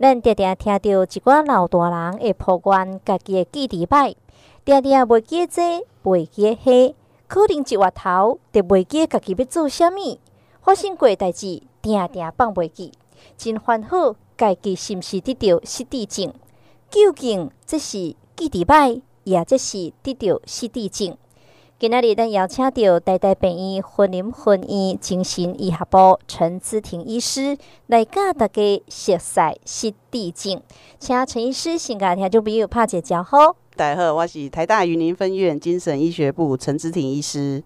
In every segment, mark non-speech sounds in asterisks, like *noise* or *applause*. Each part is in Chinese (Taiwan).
咱常常聽到一寡老大人會抱怨家己的記憶歹，常常袂記這袂記迄，可能一話頭就袂記家己要做啥物，發生過的代志常常放袂記，真煩惱。家己是毋是得到失智症？究竟這是記憶歹，也即是得到失智症？今日，咱邀請到台大醫院雲林分院精神醫學部陳姿婷醫師來教大家認識失智症。請陳醫師先甲聽眾朋友拍個招呼。大家好，我是台大雲林分院精神醫學部陳姿婷醫師。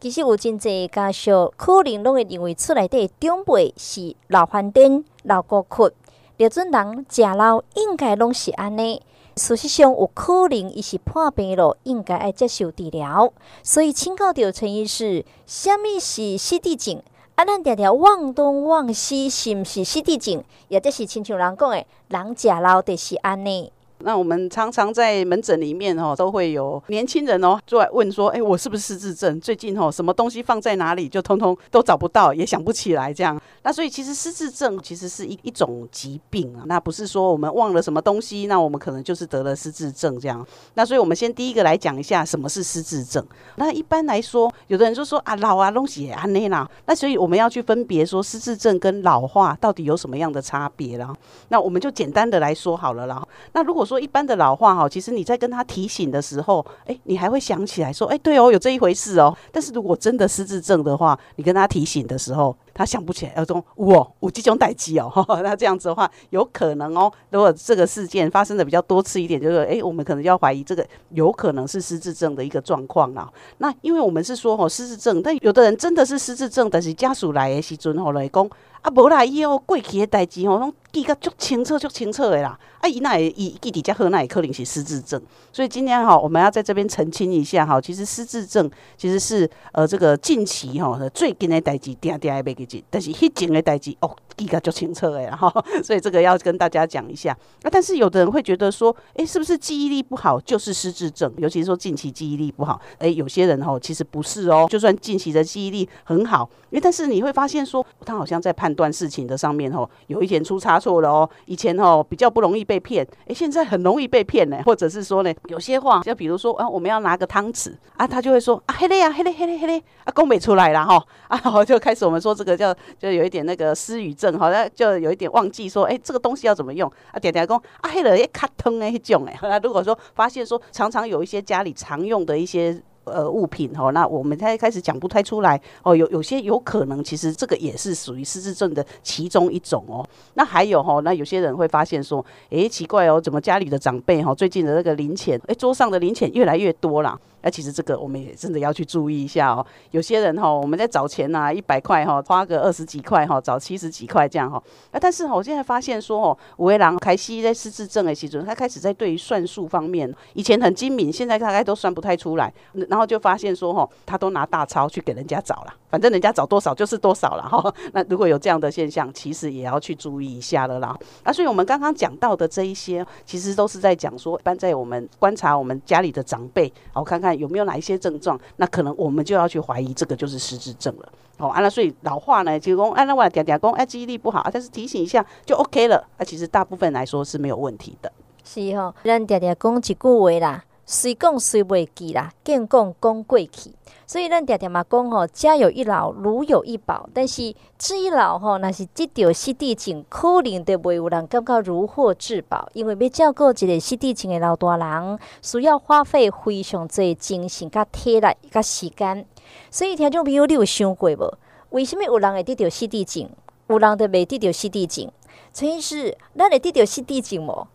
其實有真儕家屬可能攏會認為，厝內底長輩是老番顛、老古董。了陣人食老，應該攏是安尼。事實上，有可能伊是破病了，應該愛接受治療，所以請教着陳醫師，啥物是失智症？啊，咱常常忘東忘西，是是西，是毋是失智症，或者是親像人講的，人食老就是安尼。那我們常常在門診裡面哦，都會有年輕人哦，就來問說，哎，我是不是失智症？最近哦，什麼東西放在哪裡，就通通都找不到，也想不起來這樣。那所以其實失智症其實是一一種疾病啊，那不是說我們忘了什麼東西，那我們可能就是得了失智症這樣。那所以我們先第一個來講一下什麼是失智症。那一般來說，有的人就說啊老啊東西也安那啦，那所以我們要去分別說失智症跟老化到底有什麼樣的差別啦。那我們就簡單的來說好了啦。那如果說一般的老化哈，其實你在跟他提醒的時候，哎，你還會想起來說，哎，對哦，有這一回事哦。但是如果真的失智症的話，你跟他提醒的時候。他想不起來，要說我我、喔、這種代誌哦，那這樣子的話有可能哦、喔。如果這個事件發生的比較多次一點，就是哎、欸，我們可能要懷疑這個有可能是失智症的一個狀況了。那因為我們是說哈、喔、失智症，但有的人真的是失智症，但是家屬來的時陣吼會講啊，無啦伊哦過去迄代誌吼，攏記得足清楚足清楚的啦。啊，伊那也伊弟弟家喝那也可能是失智症，所以今天哈、喔、我們要在這邊澄清一下哈、喔，其實失智症其實是呃這個近期哈、喔、最近的代誌定定袂給。定定但是一靜的代誌哦，記得就清楚了、哦、所以這個要跟大家講一下、啊、但是有的人會覺得說，哎、欸，是不是記憶力不好就是失智症？尤其是說近期記憶力不好，哎、欸，有些人哦，其實不是哦，就算近期的記憶力很好，因為但是你會發現說，他好像在判斷事情的上面哦，有一點出差錯了哦。以前哦，比較不容易被騙，哎、欸，現在很容易被騙呢，或者是說呢，有些話，像比如說啊，我們要拿個湯匙啊，他就會說啊，嘿嘞呀，嘿嘞嘿嘞嘿嘞，啊，工美出來了哈，啊，我、啊、就開始我們說這個。就就有一點那個失語症，好、喔、像就有一點忘記說，哎、欸，這個東西要怎麼用啊？點點工啊，黑了哎，卡通哎，一種哎。那如果說發現說，常常有一些家裡常用的一些呃物品哈、喔，那我們才開始講不太出來哦、喔。有有些有可能，其實這個也是屬於失智症的其中一種哦、喔。那還有哈、喔，那有些人會發現說，哎、欸，奇怪哦、喔，怎麼家裡的長輩哈、喔，最近的那個零錢哎，桌上的零錢越來越多啦。」那、啊、其實這個我們也真的要去注意一下哦。有些人哈、哦，我們在找錢吶、啊，一百塊哈、哦，花個二十幾塊哈、哦，找七十幾塊這樣哈、哦。啊，但是哦，我現在發現說哦，五位郎凱西在失智症的時候，他開始在對於算術方面，以前很精明，現在大概都算不太出來。然後就發現說哈、哦，他都拿大鈔去給人家找了，反正人家找多少就是多少了哈。那如果有這樣的現象，其實也要去注意一下了啦。啊，所以我們剛剛講到的這一些，其實都是在講說，一般在我們觀察我們家裡的長輩，我看看。有沒有哪一些症狀？那可能我們就要去懷疑這個就是失智症了。哦，安、啊、那所以老化呢，就講、是、安、啊、那話嗲嗲講，哎、啊，記憶力不好，但是提醒一下就 OK 了。那、啊、其實大部分來說是沒有問題的。是哦，讓嗲嗲講幾句話啦。誰講誰袂記啦，更講講過去。所以咱爹爹媽講吼，家有一老，如有一寶。但是這一老吼，若是得着失智症，可能就袂有人感覺如獲至寶，因為要照顧一個失智症的老大人，需要花費非常多的精神、甲體力、甲時間。所以聽眾朋友，你有想過無？為什麼有人會得到失智症？有人都袂得到失智症？陳醫師，咱會得到失智症無？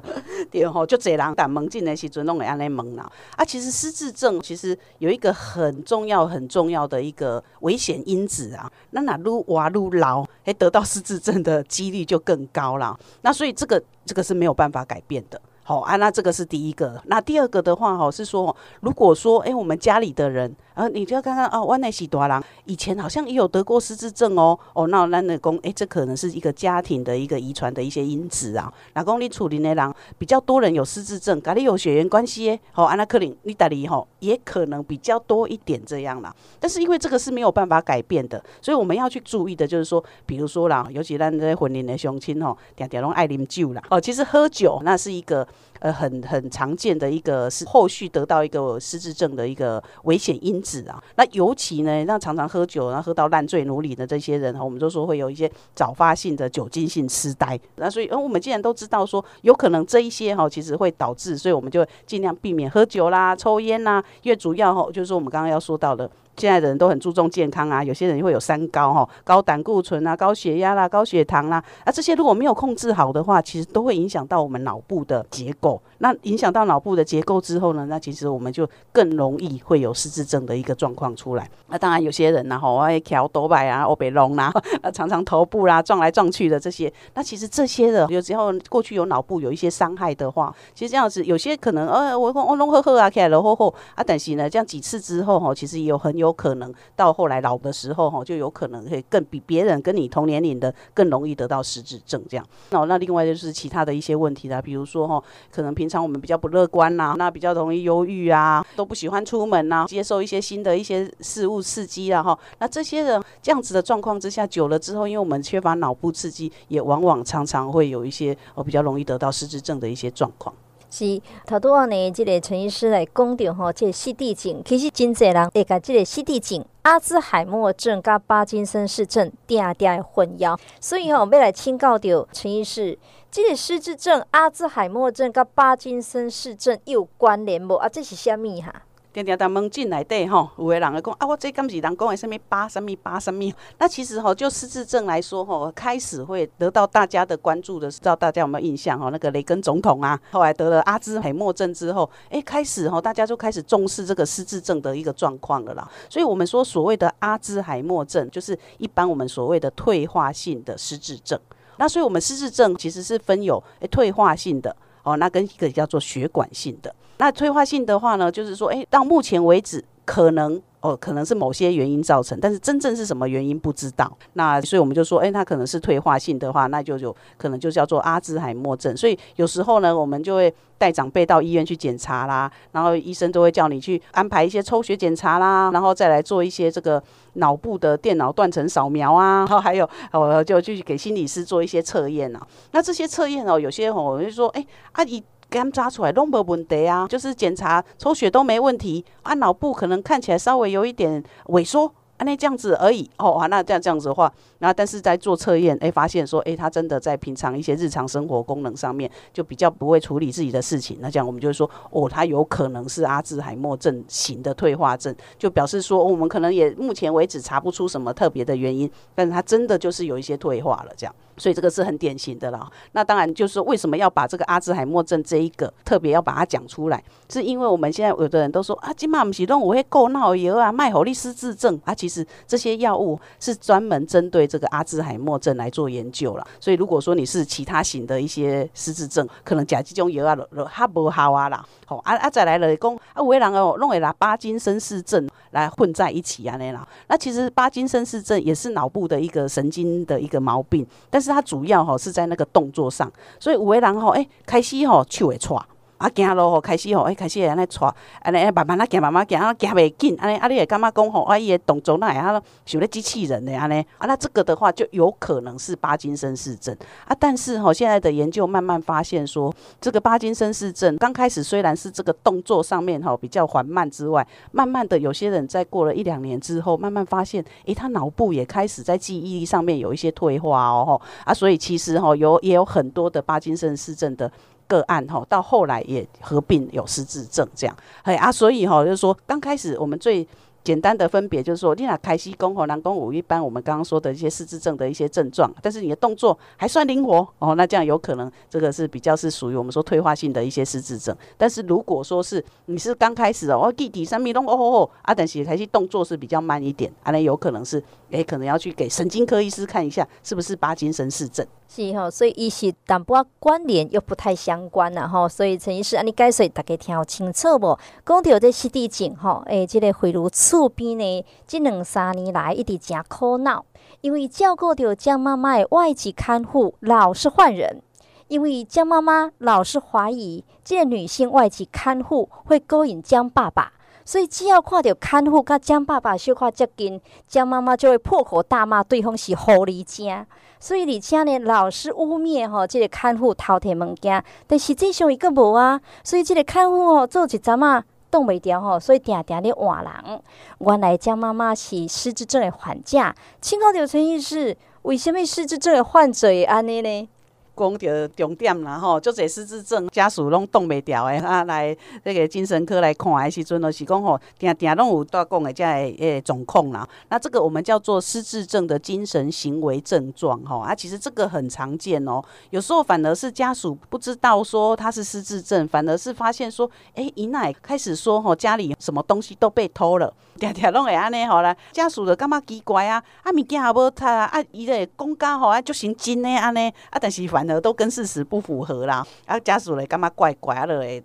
*laughs* 對吼，就、哦、這浪打蒙進來，是尊重的安內蒙腦啊。其實失智症其實有一個很重要很重要的一個危險因子啊，那那癒活癒老哎，得到失智症的幾率就更高了。那所以這個這個是沒有辦法改變的。好、哦、啊，那這個是第一個。那第二個的話、哦，好是說，如果說哎、欸，我們家裡的人。啊，你就要看看啊，我奈是大人，以前好像也有得過失智症哦，哦，那那那公誒，這可能是一個家庭的一個遺傳的一些因子啊。老公，你處理的人比較多人有失智症，跟你有血緣關係誒。吼、哦，安納克林，你大理吼也可能比較多一點這樣啦。但是因為這個是沒有辦法改變的，所以我們要去注意的就是說，比如說啦，尤其咱這些婚齡的鄉親哦，常常攏愛啉酒啦。哦，其實喝酒那是一個。呃、很很常見的一個是後續得到一個失智症的一個危險因子啊。那尤其呢，那常常喝酒，然後喝到爛醉如泥的這些人哈、哦，我們就說會有一些早發性的酒精性痴呆。那所以，呃、嗯，我們既然都知道說有可能這一些哈、哦，其實會導致，所以我們就盡量避免喝酒啦、抽煙啦，因為主要哈、哦、就是我們剛剛要說到的。現在的人都很注重健康啊，有些人會有三高哈、哦，高膽固醇啊、高血壓啦、啊、高血糖啦、啊。啊，這些如果沒有控制好的話，其實都會影響到我們腦部的結構。那影響到腦部的結構之後呢，那其實我們就更容易會有失智症的一個狀況出來。那當然有些人呢、啊，吼愛跳獨白啊、歐北龍啊，啊常常頭部啦、啊、撞來撞去的這些，那其實這些的有時候過去有腦部有一些傷害的話，其實這樣子有些可能呃、哎、我我龍呵呵啊起來了吼呵啊，但是呢這樣幾次之後哈、啊，其實也有很有。有可能到後來老的時候哈，就有可能會更比別人跟你同年齡的更容易得到失智症這樣。那那另外就是其他的一些問題啦，比如說哈，可能平常我們比較不樂觀吶，那比較容易憂鬱啊，都不喜歡出門吶，接受一些新的一些事物刺激啊哈。那這些人這樣子的狀況之下久了之後，因為我們缺乏腦部刺激，也往往常常會有一些哦比較容易得到失智症的一些狀況。是，頭拄阿呢，即個陳醫師來講着吼，即個失智症其實真儕人會甲即個失智症、阿茲海默症甲巴金森氏症定定混淆，所以吼、哦，我要來請教着陳醫師，即、這個失智症、阿茲海默症甲巴金森氏症有關聯無？啊，這是啥物、啊？哈？聽聽在們進來的吼，有個人來講啊，我最近是人講是什麼八什麼八什,什麼。那其實吼，就失智症來說吼，開始會得到大家的關注的是，不知道大家有沒有印象吼？那個雷根總統啊，後來得了阿茲海默症之後，哎、欸，開始吼，大家就開始重視這個失智症的一個狀況了啦。所以我們說，所謂的阿茲海默症，就是一般我們所謂的退化性的失智症。那所以我們失智症其實是分有哎退化性的。哦，那跟一個叫做血管性的，那退化性的話呢，就是說，哎、欸，到目前為止可能。哦，可能是某些原因造成，但是真正是什麼原因不知道。那所以我們就說，哎，那可能是退化性的話，那就有可能就叫做阿茲海默症。所以有時候呢，我們就會帶長輩到醫院去檢查啦，然後醫生都會叫你去安排一些抽血檢查啦，然後再來做一些這個腦部的電腦斷層掃描啊，然後還有我就去給心理師做一些測驗啊。那這些測驗哦，有些哦，我們就說，哎，阿姨。給他們抓出來，攏無問題啊，就是檢查抽血都沒問題，啊，腦部可能看起來稍微有一點萎縮，啊，那這樣子而已，哦，啊，那這樣這樣子的話，那但是在做測驗，哎、欸，發現說，哎、欸，他真的在平常一些日常生活功能上面，就比較不會處理自己的事情，那這樣我們就說，哦，他有可能是阿茲海默症型的退化症，就表示說、哦，我們可能也目前為止查不出什麼特別的原因，但是他真的就是有一些退化了，這樣。所以這個是很典型的了。那當然就是說為什麼要把這個阿茲海默症這一個特別要把它講出來，是因為我們現在有的人都說啊，今嘛不們啟動五夠鬧油啊，賣口力失智症啊，其實這些藥物是專門針對這個阿茲海默症來做研究啦。所以如果說你是其他型的一些失智症，可能甲幾中油啊都都哈無效啊啦。好、哦、啊啊，再來來講啊，有個人哦、喔、弄會拿巴金森氏症來混在一起啊那啦。那其實巴金森氏症也是腦部的一個神經的一個毛病，但是。是它主要哈是在那個動作上，所以有的人哈，哎、欸，開始哈手會掣。啊，行路吼，開始吼，哎，開始安尼帶，安尼慢慢啊，行，慢慢行啊，行未緊，安尼啊，你也幹嘛講吼，啊，伊的動作那，會啊，像咧機器人咧安尼，啊，那這個的話就有可能是巴金森氏症啊。但是吼、哦，現在的研究慢慢發現說，這個巴金森氏症剛開始雖然是這個動作上面吼、哦、比較緩慢之外，慢慢的有些人在過了一兩年之後，慢慢發現，哎，他腦部也開始在記憶力上面有一些退化哦吼、哦、啊，所以其實吼、哦、有也有很多的巴金森氏症的。個案吼，到後來也合併有失智症這樣，嘿啊，所以吼，就是說剛開始我們最。簡單的分別就是說，你啊，開膝功和南宮舞一般，我們剛剛說的一些失智症的一些症狀，但是你的動作還算靈活哦，那這樣有可能這個是比較是屬於我們說退化性的一些失智症。但是如果說是你是剛開始哦，我弟弟三米動哦哦，但等些台動作是比較慢一點，啊，那有可能是哎、欸，可能要去給神經科醫師看一下是不是巴金森氏症。是哈、哦，所以一些淡薄關聯又不太相關啦哈、哦，所以陳醫師、啊、你解說大家聽好清楚不？講有這失智症哈，哎、哦欸，這個回如錯。厝邊呢，這兩三年來一直真苦惱，因為照顧着江媽媽的外籍看護老是換人，因為江媽媽老是懷疑這個女性外籍看護會勾引江爸爸，所以只要看到看護甲江爸爸說話接近，江媽媽就會破口大罵對方是狐狸精，所以而且呢老是汙衊吼這個看護偷摕物件，但實際上伊閣無啊，所以這個看護哦做一陣啊。凍袂掉，所以常常咧換人。原來張媽媽是失智症的患者。請教劉陳醫師，為什麼失智症的患者會安尼呢？講到重點啦吼，就這失智症家屬攏擋袂牢的，他、啊、來即個精神科來看的時陣，就是講吼，定定攏有在講的遮誒誒狀況啦。那這個我們叫做失智症的精神行為症狀吼，啊，其實這個很常見哦。有時候反而是家屬不知道說他是失智症，反而是發現說，誒、欸，伊那開始說吼，家裡什麼東西都被偷了，定定攏會安尼吼啦。家屬就感覺奇怪啊，啊物件也無拆啊，伊咧講假吼，啊足成真誒安尼，啊但是反。都跟事實不符合啦，啊家屬嘞感覺怪怪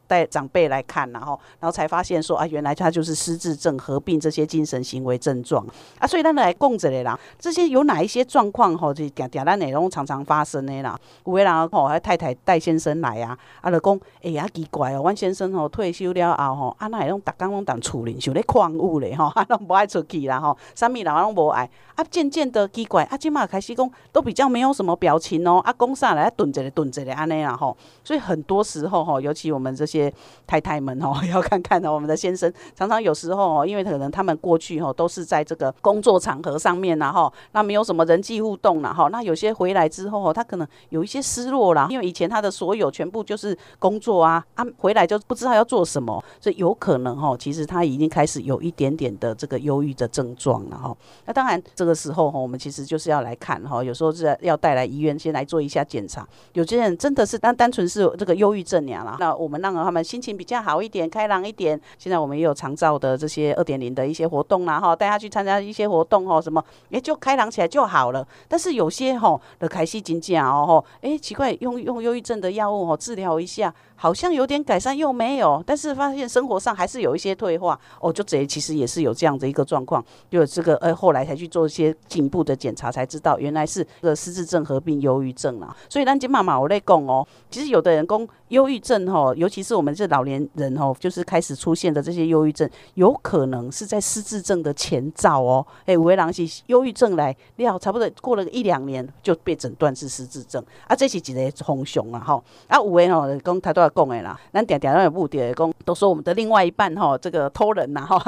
帶長輩來看啦，然、喔、後然後才發現說啊，原來他就是失智症合併這些精神行為症狀啊，所以他來講啦。這些有哪一些狀況吼？這點點咱常常發生的啦。有的人吼，他、喔、太太帶先生來呀，啊就講哎呀奇怪哦、喔，阮先生吼、喔、退休了後吼、喔，啊那那種打工攏當厝人，就咧狂舞嘞吼，啊攏不愛出去啦吼，啥物人攏無愛。啊漸漸的奇怪，啊今嘛開始講都比較沒有什麼表情、喔、啊講啥來蹲着的，蹲着的按呢哈，所以很多時候哈，尤其我們這些太太們要看看呢。我們的先生常常有時候哦，因為可能他們過去哈都是在這個工作場合上面，然後哈，那沒有什麼人際互動了哈。那有些回來之後，他可能有一些失落了，因為以前他的所有全部就是工作啊，回來就不知道要做什麼，所以有可能哈，其實他已經開始有一點點的這個憂鬱的症狀了哈。那當然這個時候哈，我們其實就是要來看哈，有時候是要帶來醫院先來做一下檢查。有些人真的是，那單純是這個憂鬱症呀啦，那我們讓他們心情比較好一點，開朗一點。現在我們也有長照的這些二點零的一些活動啦、啊、哈，帶他去參加一些活動哦、啊，什麼，也就開朗起來就好了。但是有些哈、哦、的凱西警長啊哦哈，奇怪，用用憂鬱症的藥物哦治療一下。好像有點改善又沒有，但是發現生活上還是有一些退化，哦，就這其實也是有這樣的一個狀況，就有這個呃後來才去做一些進一步的檢查才知道，原來是這個失智症合併憂鬱症了、啊。所以讓金媽媽我來講哦，其實有的人講憂鬱症哦，尤其是我們這老年人哦，就是開始出現的這些憂鬱症，有可能是在失智症的前兆哦。哎、欸，有的人是憂鬱症來，你好，差不多過了一兩年就被診斷是失智症，啊，這些直接轟熊啊，吼，啊，五位哦講他都要。講的啦，那點點那有誤點講，都說我們的另外一半吼，這個偷人吶吼，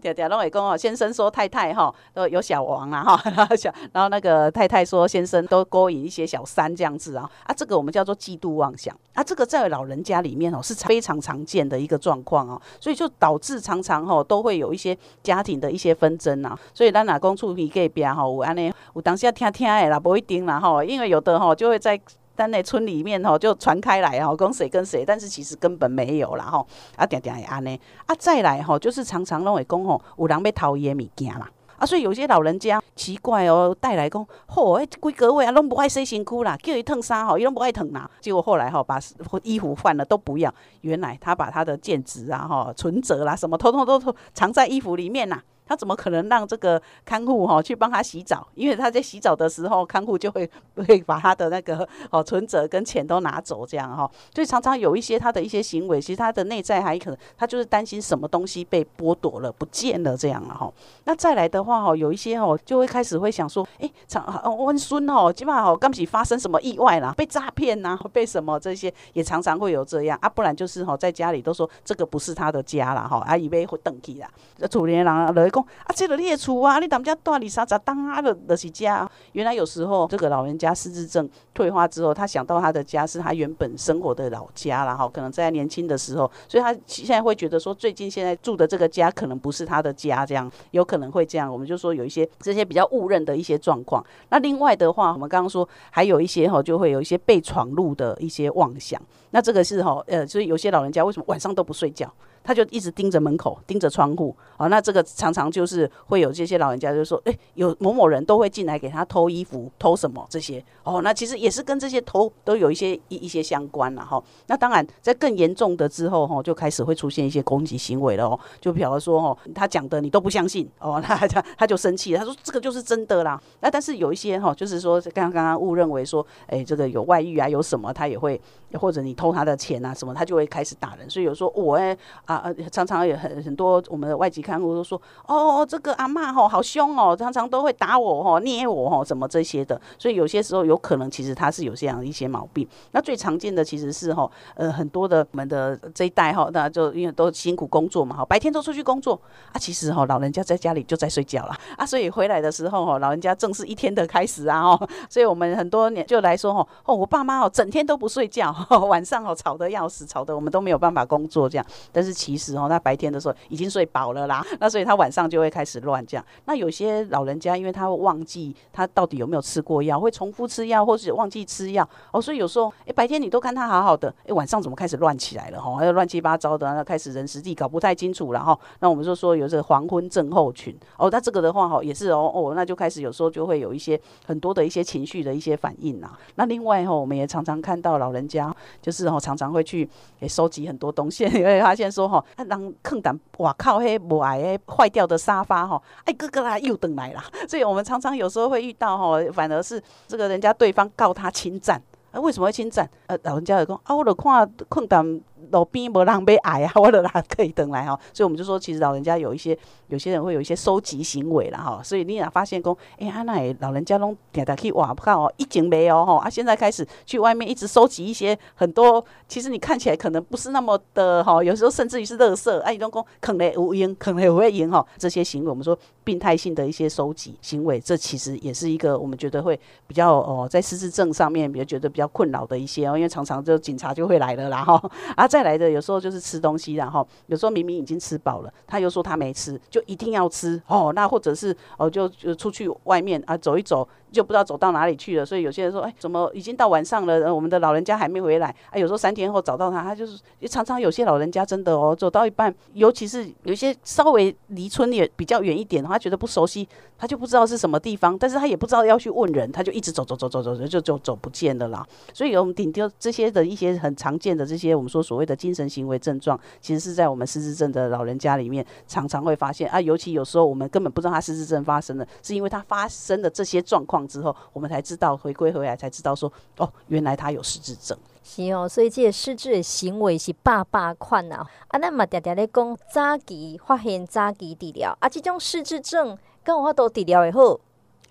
點點那會講哦，先生說太太吼，都有小王啦吼，然後小然後那個太太說先生都勾引一些小三這樣子啊，啊這個我們叫做嫉妒妄想啊，這個在老人家裡面哦是非常常見的一個狀況啊，所以就導致常常吼都會有一些家庭的一些紛爭啊，所以咱哪公處你隔壁，吼，我安尼我當時要聽聽的啦，不一定啦吼，因為有的吼就會在，在那村裡面吼，就傳開來吼，講誰跟誰，但是其實根本沒有啦吼。啊，定定會安呢，啊，再來吼，就是常常攏會講吼，有人要偷伊的物件啦。啊，所以有些老人家奇怪哦，帶來講，吼、哦，哎，這幾位啊，攏不愛洗身軀啦，叫伊燙衫吼，伊攏不愛燙。啦。結果後來吼，把衣服換了都不要。原來他把他的戒指啊，吼，存折啦、啊，什麼，統統都藏在衣服裡面吶、啊。他怎麼可能讓這個看護哈去幫他洗澡？因為他在洗澡的時候，看護就會會把他的那個哦存摺跟錢都拿走，這樣哈。所以常常有一些他的一些行為，其實他的內在還可能他就是擔心什麼東西被剝奪了、不見了這樣了哈。那再來的話哈，有一些哦就會開始會想說，哎、欸，長溫孫哈，起碼哈剛起發生什麼意外啦，被詐騙吶、啊，被什麼這些，也常常會有這樣啊。不然就是哈在家裡都說這個不是他的家了哈，啊，以為會等去了，楚憐郎老公。啊，這個列出啊，你咱們家多里啥啥，當、就是、啊。的的是家。原來有時候這個老人家失智症退化之後，他想到他的家是他原本生活的老家然後，可能在年輕的時候，所以他現在會覺得說，最近現在住的這個家可能不是他的家，這樣有可能會這樣。我們就說有一些這些比較誤認的一些狀況。那另外的話，我們剛剛說還有一些哈，就會有一些被闖入的一些妄想。那這個是哈，呃，就是有些老人家為什麼晚上都不睡覺？他就一直盯着門口，盯着窗戶，哦，那這個常常就是會有這些老人家就說，誒、欸，有某某人都會進來給他偷衣服，偷什麼這些，哦，那其實也是跟這些偷都有一些一一些相關了哈、哦。那當然，在更嚴重的之後，哈、哦，就開始會出現一些攻擊行為了哦，就比方說，哦，他講的你都不相信，哦，那他他他就生氣了，他說這個就是真的啦。那但是有一些哈、哦，就是說，剛剛誤認為說，誒、哎，這個有外遇啊，有什麼，他也會。或者你偷他的錢啊什麼他就會開始打人。所以有時候我哎、哦、欸、啊，啊，常常有很很多我們的外籍看護都說哦，這個阿嬤吼、哦、好凶哦，常常都會打我吼、哦，捏我吼、哦，什麼這些的。所以有些時候有可能其實他是有這樣一些毛病。那最常見的其實是吼呃很多的我們的這一代哦，那就因為都辛苦工作嘛哈，白天都出去工作啊，其實哦，老人家在家裡就在睡覺了啊，所以回來的時候哦，老人家正是一天的開始啊哦，所以我們很多年就來說吼哦，我爸媽哦整天都不睡覺。哦、晚上哦，吵得要死，吵得我們都沒有辦法工作這樣。但是其實哦，他白天的時候已經睡飽了啦，那所以他晚上就會開始亂這樣。那有些老人家，因為他會忘記他到底有沒有吃過藥，會重複吃藥，或是忘記吃藥哦，所以有時候哎，白天你都看他好好的，哎，晚上怎麼開始亂起來了？哦，還有亂七八糟的，那開始人時地搞不太清楚了哈、哦。那我們就說有這黃昏症候群哦，那這個的話哦也是哦哦，那就開始有時候就會有一些很多的一些情緒的一些反應吶。那另外哈、哦，我們也常常看到老人家。就是、哦、常常會去誒收集很多東西，因為發現說吼，他讓空檔，哇靠，嘿，壞的壞掉的沙發哈，哎、哦，哥哥啦又等來了，所以我們常常有時候會遇到吼、哦，反而是這個人家對方告他侵占，啊，為什麼會侵占？呃、啊，老人家會說，啊，我老看空檔。路邊無浪被矮啊，我都啦，可以等來、啊、所以我們就說，其實老人家有一些有些人會有一些收集行為了，所以你若發現哎，呀、欸，那老人家都點下去挖看哦，已經沒有吼，啊，現在開始去外面一直收集一些很多，其實你看起來可能不是那麼的吼、啊，有時候甚至於是垃圾，哎、啊，都種公坑來無煙，坑來無煙吼，這些行為我們說病態性的一些收集行為，這其實也是一個我們覺得會比較哦，在失智症上面比較覺得比較困擾的一些哦，因為常常就警察就會來了啦吼，啊。再來的有時候就是吃東西，然後有時候明明已經吃飽了，他又說他沒吃，就一定要吃哦。那或者是哦，就就出去外面啊走一走。就不知道走到哪裡去了，所以有些人說，哎，怎麼已經到晚上了，呃，我們的老人家還沒回來？啊有時候三天後找到他，他就是常常有些老人家真的哦，走到一半，尤其是有些稍微離村也比較遠一點，他覺得不熟悉，他就不知道是什麼地方，但是他也不知道要去問人，他就一直走走走走走走，就就走不見了啦。所以，我們頂丟這些的一些很常見的這些，我們說所謂的精神行為症狀，其實是在我們失智症的老人家裡面常常會發現啊，尤其有時候我們根本不知道他失智症發生了，是因為他發生的這些狀況。之後，我們才知道回歸回來才知道說，哦，原來他有失智症。是哦，所以這個失智的行為是百百款。難啊。那嘛，常常咧講早期發現，早期，早期治療啊。這種失智症，跟我都治療會好，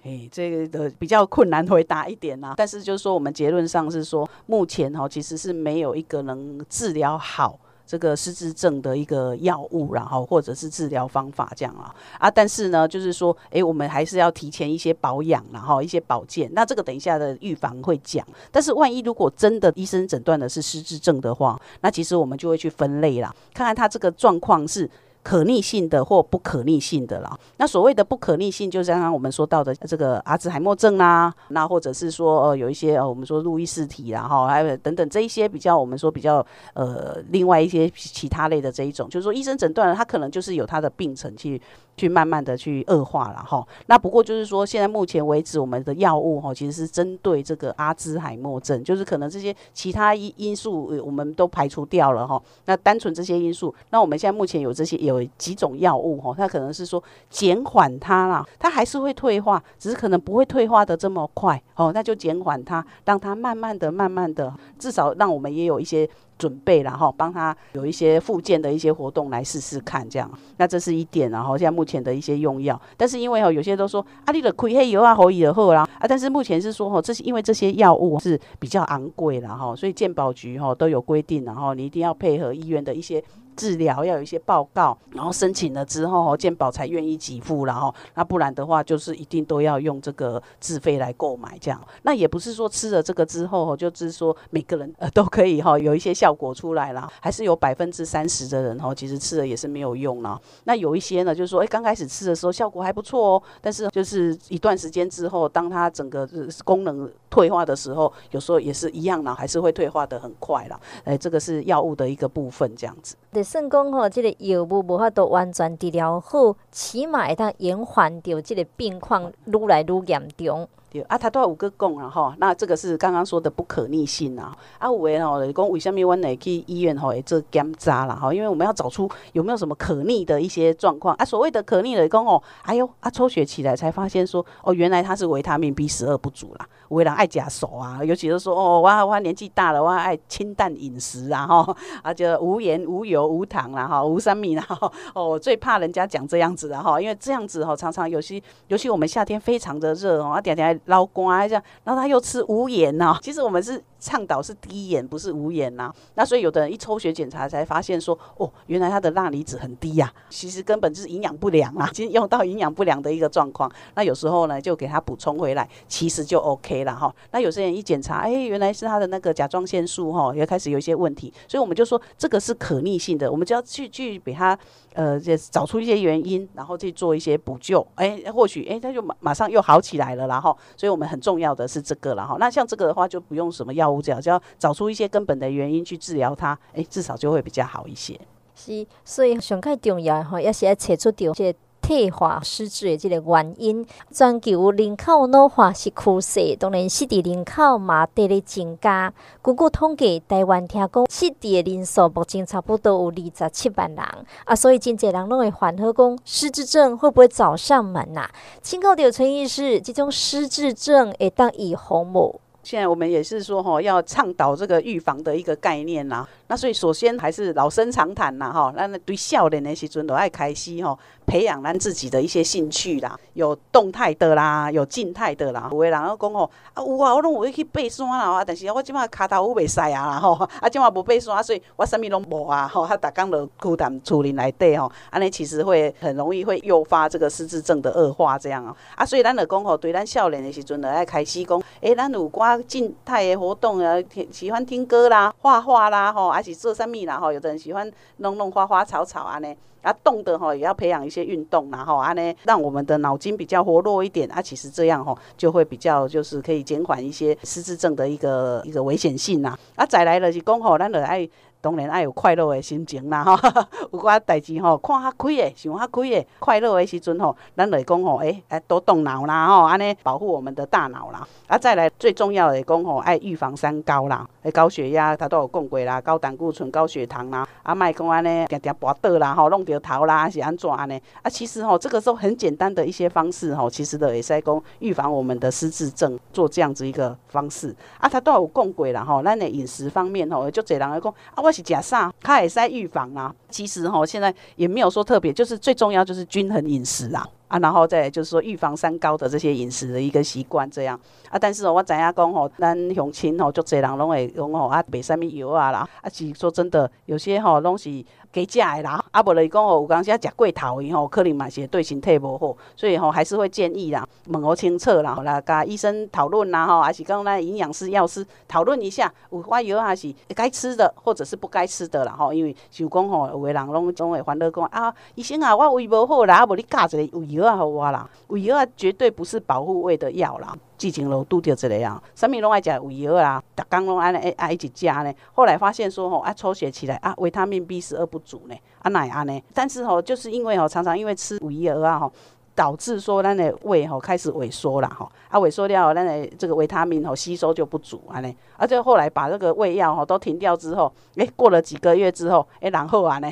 哎，這個的比較困難回答一點啊。但是就是說，我們結論上是說，目前哦、喔，其實是沒有一個能治療好。這個失智症的一個藥物，然後或者是治療方法這樣啊。啊，但是呢，就是說，誒我們還是要提前一些保養，然後一些保健。那這個等一下的預防會講。但是萬一如果真的醫生診斷的是失智症的話，那其實我們就會去分類啦，看看他這個狀況是。可逆性的或不可逆性的啦。那所謂的不可逆性，就是剛剛我們說到的這個阿茲海默症啊，那或者是說呃有一些呃我們說路易氏體然後還有等等這一些比較我們說比較呃另外一些其他類的這一種，就是說醫生診斷了他可能就是有他的病程去。去慢慢的去惡化了哈、哦，那不過就是說，現在目前為止，我們的藥物哈、哦，其實是針對這個阿茲海默症，就是可能這些其他因因素，我們都排除掉了哈、哦。那單純這些因素，那我們現在目前有這些有幾種藥物哈、哦，它可能是說減緩它啦，它還是會退化，只是可能不會退化的這麼快哦。那就減緩它，讓它慢慢的、慢慢的，至少讓我們也有一些。準備，然後幫他有一些復健的一些活動來試試看，這樣。那這是一點，然後現在目前的一些用藥，但是因為哈，有些人都說啊，你的虧黑油啊，侯里的貨啊，啊，但是目前是說哈，這是因為這些藥物是比較昂貴了哈，所以健保局哈都有規定，然後你一定要配合醫院的一些。治療要有一些報告，然後申請了之後吼，健保才願意給付了吼、哦、那不然的話就是一定都要用這個自費來購買這樣。那也不是說吃了這個之後就是說每個人、呃、都可以吼、哦，有一些效果出來啦，還是有百分之三十的人吼、哦，其實吃了也是沒有用啦。那有一些呢就是說，哎，剛開始吃的時候效果還不錯哦，但是就是一段時間之後，當它整個功能退化的時候，有時候也是一樣啦，還是會退化的很快啦。哎，這個是藥物的一個部分這樣子。This 算講吼，即個藥物無法度完全治療好，起碼會當延緩到即個病況愈來愈嚴重。對啊，他都五個講了哈，那這個是剛剛說的不可逆性啊。啊，有的人吼講、就是、為什麼我們會去醫院吼會做檢查了哈？因為我們要找出有沒有什麼可逆的一些狀況啊。所謂的可逆的講哦，哎呦啊，抽血起來才發現說哦，原來他是維他命 B 十二不足啦。有的人愛假手啊，尤其是說哦，我我年紀大了，我愛清淡飲食啊哈，啊，就無鹽無油無糖啦哈，無三米啦。哦，我最怕人家講這樣子的哈，因為這樣子哈，常常有些尤，尤其我們夏天非常的熱哦，啊，天天。老公啊這樣，然後他又吃無鹽呐、喔。其實我們是。倡導是低鹽不是無鹽吶，那所以有的人一抽血檢查才發現說哦，原來他的鈉離子很低呀、啊，其實根本就是營養不良啊，用到營養不良的一個狀況。那有時候呢，就給他補充回來，其實就 OK 了哈、哦。那有些人一檢查，哎，原來是他的那個甲狀腺素哈、哦，也開始有一些問題，所以我們就說這個是可逆性的，我們就要去去給他呃找出一些原因，然後去做一些補救，哎，或許哎他就馬馬上又好起來了，然後哦，所以我們很重要的是這個了哈、哦。那像這個的話，就不用什麼藥。就要找出一些根本的原因去治療它，誒、欸，至少就會比較好一些。是，所以上個重要吼，也是要找出這退化失智的這個原因。全球人口老化是趨勢，當然古古失智的人口嘛，得咧增加。根據統計，台灣聽講失智人數目前差不多有二十七萬人啊，所以真濟人攏會煩惱講，失智症會不會找上門吶、啊？請教著陳醫師是，這種失智症會當預防無？現在我們也是說吼，要倡導這個預防的一個概念吶，那所以首先還是老生常談吶吼，那從年輕的時候就要開始吼。培養咱自己的一些興趣啦，有動態的啦，有靜態的啦，有的人咧講吼，啊有啊，我攏有去爬山啊。但是啊，我即馬跤頭我未使啊，吼，啊即馬無爬山，所以我啥物攏無啊，吼，他逐工就孤單厝內內底吼，安尼其實會很容易會誘發這個失智症的惡化這樣啊。啊，所以咱要講吼，對咱少年的時陣要愛開始講。哎、欸，咱有寡靜態的活動啊，聽喜歡聽歌啦、畫畫啦，吼，還是做啥物啦，吼，有的人喜歡弄弄花花草草安尼啊動的吼，也要培養一些。運動、啊，然後啊呢，讓我們的腦筋比較活絡一點啊，其實這樣吼、哦，就會比較就是可以減緩一些失智症的一個一個危險性吶啊，啊再來就是講吼、哦，咱就愛。當然愛有快樂的心情啦吼， *laughs* 有寡代志吼看較開誒，想較開誒，快樂誒時陣吼，咱來講吼，誒、欸，哎多動腦啦吼，安尼保護我們的大腦啦。啊，再來最重要的講吼，愛預防三高啦，誒高血壓他都有共過啦，高膽固醇、高血糖啦。啊，賣講安尼定定跋倒啦，吼弄著頭啦是安怎安尼？啊，其實吼、哦、這個是很簡單的一些方式吼，其實都會使講預防我們的失智症，做這樣子一個方式啊，他都有共過啦吼，咱誒飲食方面吼，就足濟人來講啊我。是食啥，他也是在預防啊。其實吼、哦，現在也沒有說特別，就是最重要就是均衡飲食啦。啊，然後再就是說預防三高的這些飲食的一個習慣這樣啊。但是、哦、我知影講吼，咱鄉親吼，足濟人攏會講吼、哦、啊買啥物油啊啦，啊是說真的，有些吼、哦、攏是。加食的，啦，後啊，無咧講吼，有當時食過頭的吼，可能嘛是對身體無好，所以吼還是會建議啦，問好清楚然後來甲醫生討論啦吼，還是講咱營養師藥師討論一下，有胃藥還是會該吃的或者是不該吃的啦吼，因為就講吼有個人攏總會煩惱講啊，醫生啊，我胃無好啦，啊無你教一個胃藥互我啦，胃藥絕對不是保護胃的藥啦。之前樓拄着一個啊！啥物攏愛食胃藥啊，逐工攏安尼愛愛一直食呢。後來發現說吼，啊，抽血起來啊，維他命 B 十二不足呢、欸，啊若會安尼，但是吼，就是因為吼，常常因為吃胃藥啊吼，導致說咱的胃吼開始萎縮了吼。啊萎，萎縮了，咱的這個維他命吼吸收就不足安尼。啊，且後來把這個胃藥吼都停掉之後，誒、欸，過了幾個月之後，哎、欸，然後安尼，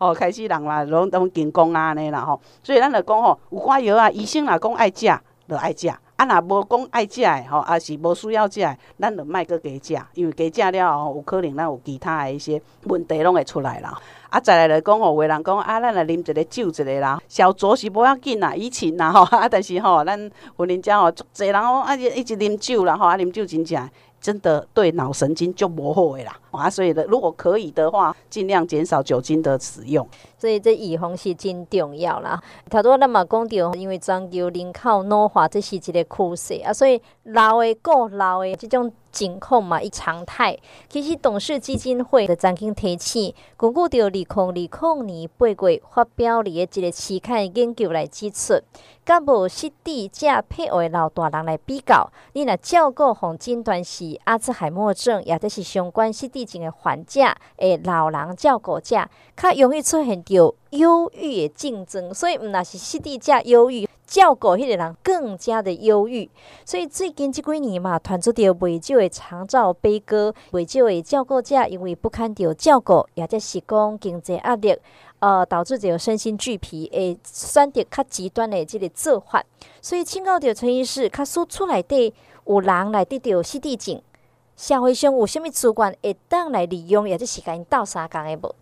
哦，開始人嘛攏攏健功啊安尼然後。所以咱來講吼，有寡藥啊，醫生啊講愛食就愛食。啊，若無講愛食誒吼，也是無需要食，誒，咱著莫閣加食，因為加食了吼，有可能咱有其他誒一些問題攏會出來了。啊，再來來講吼，有人講啊，咱來啉一個酒一個啦，小酌是無要緊啦，以前啦吼，啊，但是吼、哦，咱老人家吼，足濟人吼啊，一直啉酒啦吼，啊，啉酒真正。真的對腦神經就模糊誒啦，啊，所以咧，如果可以的話，盡量減少酒精的使用。所以這預防是真重要啦。頭拄仔咱嘛講到，因為全球人口老化，這是一個趨勢啊，所以老的、過老的這種。情況嘛，一常態。其實，董事基金會就曾經提醒，根據到二零二零年八月發表的一個期刊研究來指出，甲無失智者配偶的老大人來比較，你若照顧患診斷是阿茲海默症，也就是相關失智症的患者，誒，老人照顧者較容易出現着憂鬱的症狀，所以不，嗯，那是失智者憂鬱。照顧迄個人更加的憂鬱，所以最近這幾年嘛，傳出着袂少的長照悲歌，袂少的照顧者因為不堪的照顧，也則是講經濟壓力，呃，導致個身心俱疲，會選擇較極端的這個做法。所以請教着陳醫師，他說厝內底有人來得到失智症，社會上有什麼資源會當來利用，也則是跟鬥相共的無？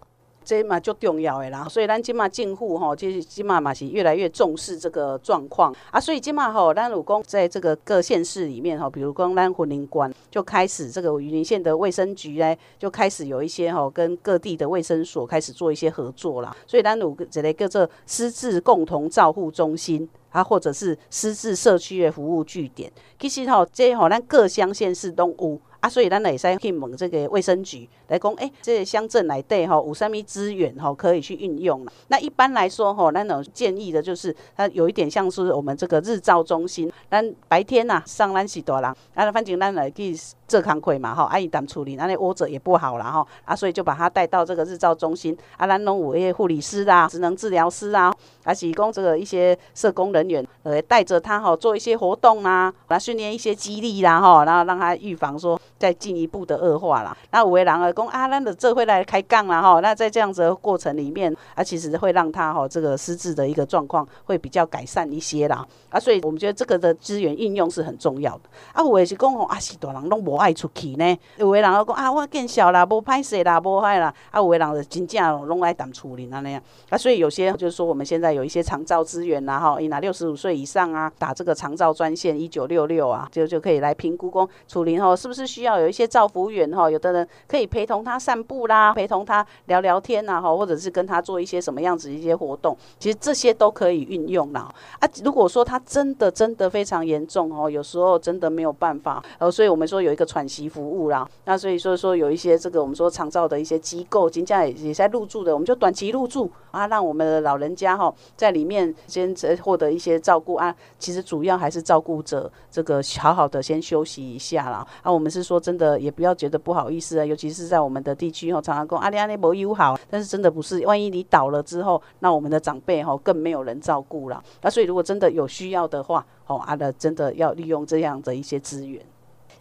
這嘛就重要誒，啦，所以咱今嘛政府吼，就是今嘛嘛是越來越重視這個狀況啊，所以今嘛吼，咱如工在這個各縣市裡面吼，比如講咱雲林縣就開始這個雲林縣的衛生局咧，就開始有一些吼、哦、跟各地的衛生所開始做一些合作啦。所以咱有一個叫做“失智共同照護中心”啊，或者是“失智社區的服務據點”，其實吼、哦，這吼咱各鄉縣市都有。啊，所以咱也是去問這個衛生局來講，哎，這些、個、鄉鎮來對吼，有什麼資源吼可以去運用了。那一般來說哈，那、哦、種建議的就是，它有一點像是我們這個日照中心，但白天吶、啊，上班溪多啦，來、啊、反正進，咱來去照看會嘛吼，阿姨等處理，那那窩着也不好了吼、哦，啊，所以就把他帶到這個日照中心，啊，蘭龍五夜護理師啊，職能治療師啊，還是提供這個一些社工人員呃，帶着他哈、哦，做一些活動啊，把、啊、他訓練一些肌力啦、啊、吼，然後讓他預防說。再進一步的惡化啦。那有的人說啊，講啊，那的這會來開槓了哈，那在這樣子的過程裡面，啊其實會讓他哈、喔、這個失智的一個狀況會比較改善一些啦，啊所以我們覺得這個的資源應用是很重要的。啊，我也是講紅阿西多狼攏不愛出去呢、欸，有的人兒講啊，我見笑啦，不歹勢啦，不害啦，啊有的人就真正攏愛談處理那樣，啊所以有些就是說我們現在有一些長照資源啦哈，你吶六十五歲以上啊打這個長照專線一九六六啊就就可以來評估工處理哦是不是需要要有一些照服員哈，有的人可以陪同他散步啦，陪同他聊聊天吶、啊、哈，或者是跟他做一些什麼樣子一些活動，其實這些都可以運用了啊。如果說他真的真的非常嚴重哦，有時候真的沒有辦法，呃、啊，所以我們說有一個喘息服務啦。那所以說說有一些這個我們說長照的一些機構，金價也,也在入住的，我們就短期入住啊，讓我們的老人家哈在裡面先獲得一些照顧啊。其實主要還是照顧者這個好好的先休息一下啦。啊。我們是說。真的也不要覺得不好意思啊，尤其是在我們的地區，有常常講阿麗阿麗無有好，但是真的不是，萬一你倒了之後，那我們的長輩吼更沒有人照顧了。那所以如果真的有需要的話，吼阿麗真的要利用這樣的一些資源。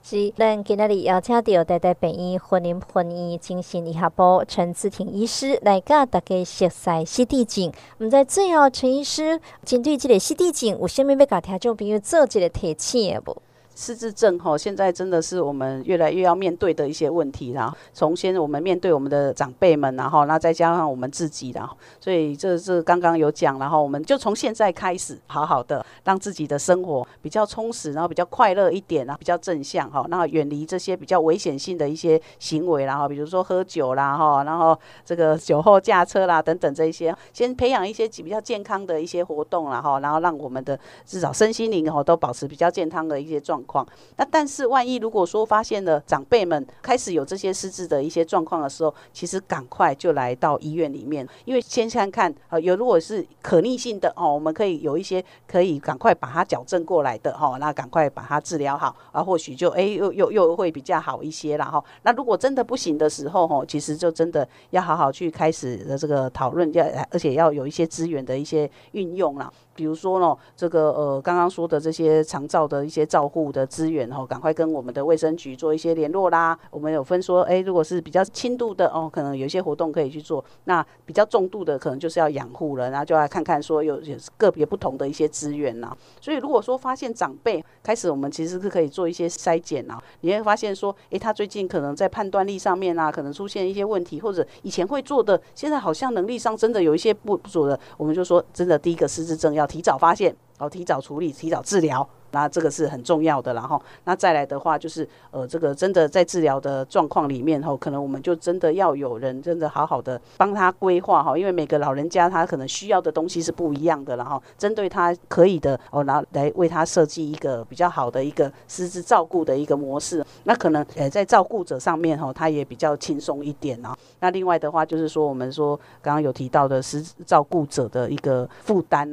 是，那今天要請到台大醫院雲林雲林精神醫學部陳姿婷醫師來教大家學習失智症。我們在最後，陳醫師針對這個失智症，有啥物要甲聽眾朋友做一個提醒無？失智症吼，現在真的是我們越來越要面對的一些問題啦。從先我們面對我們的長輩們，然後那再加上我們自己啦，所以這是剛剛有講，然後我們就從現在開始，好好的讓自己的生活比較充實，然後比較快樂一點，然後比較正向哈。然後遠離這些比較危險性的一些行為，然後比如說喝酒啦哈，然後這個酒後駕車啦等等這些，先培養一些比較健康的一些活動啦哈，然後讓我們的至少身心靈吼都保持比較健康的一些狀態。況。那但是萬一如果說發現了長輩們開始有這些失智的一些狀況的時候，其實趕快就來到醫院裡面，因為先先看啊有、呃、如果是可逆性的哦，我們可以有一些可以趕快把它矯正過來的哦。那趕快把它治療好啊，或許就誒又又又會比較好一些啦。哈、哦。那如果真的不行的時候哈、哦，其實就真的要好好去開始的這個討論，要而且要有一些資源的一些運用了，比如說呢這個呃剛剛說的這些長照的一些照護，的資源吼、哦，趕快跟我們的衛生局做一些聯絡啦。我們有分說，誒、欸，如果是比較輕度的哦，可能有一些活動可以去做；那比較重度的，可能就是要養護了。然後就要來看看說有，有有個別不同的一些資源吶、啊。所以如果說發現長輩開始，我們其實是可以做一些篩檢啊。你會發現說，誒、欸，他最近可能在判斷力上面啊，可能出現一些問題，或者以前會做的，現在好像能力上真的有一些不不足的，我們就說，真的第一個失智症要提早發現，哦，提早處理，提早治療。那這個是很重要的，然後那再來的話就是，呃，這個真的在治療的狀況裡面，哈，可能我們就真的要有人真的好好的幫他規劃哈，因為每個老人家他可能需要的東西是不一樣的，然後針對他可以的哦，拿來為他設計一個比較好的一個失智照顧的一個模式，那可能呃在照顧者上面哈，他也比較輕鬆一點。那另外的話就是說，我們說剛剛有提到的失智照顧者的一個負擔。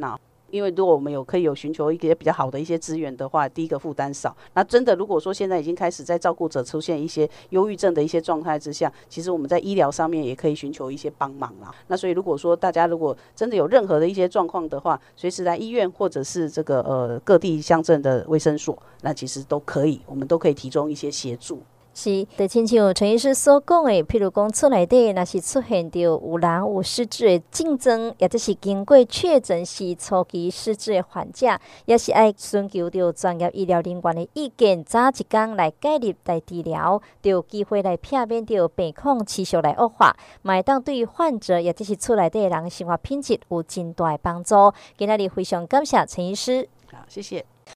因為如果我們有可以有尋求一些比較好的一些資源的話，第一個負擔少。那真的如果說現在已經開始在照顧者出現一些憂鬱症的一些狀態之下，其實我們在醫療上面也可以尋求一些幫忙啦。那所以如果說大家如果真的有任何的一些狀況的話，隨時來醫院或者是這個呃各地鄉鎮的衛生所，那其實都可以，我們都可以提供一些協助。是，就親像陳醫師所講的，譬如講厝內底，若是出現着有人有失智的症狀，或者是經過確診是初期失智的患者，也是愛尋求着專業醫療人員的意見，早一天來介入來治療，着有機會來避免着病況持續來惡化。麥當對於患者，也就是厝內底的人生活品質有真大的幫助。今仔日非常感謝陳醫師。好，謝謝。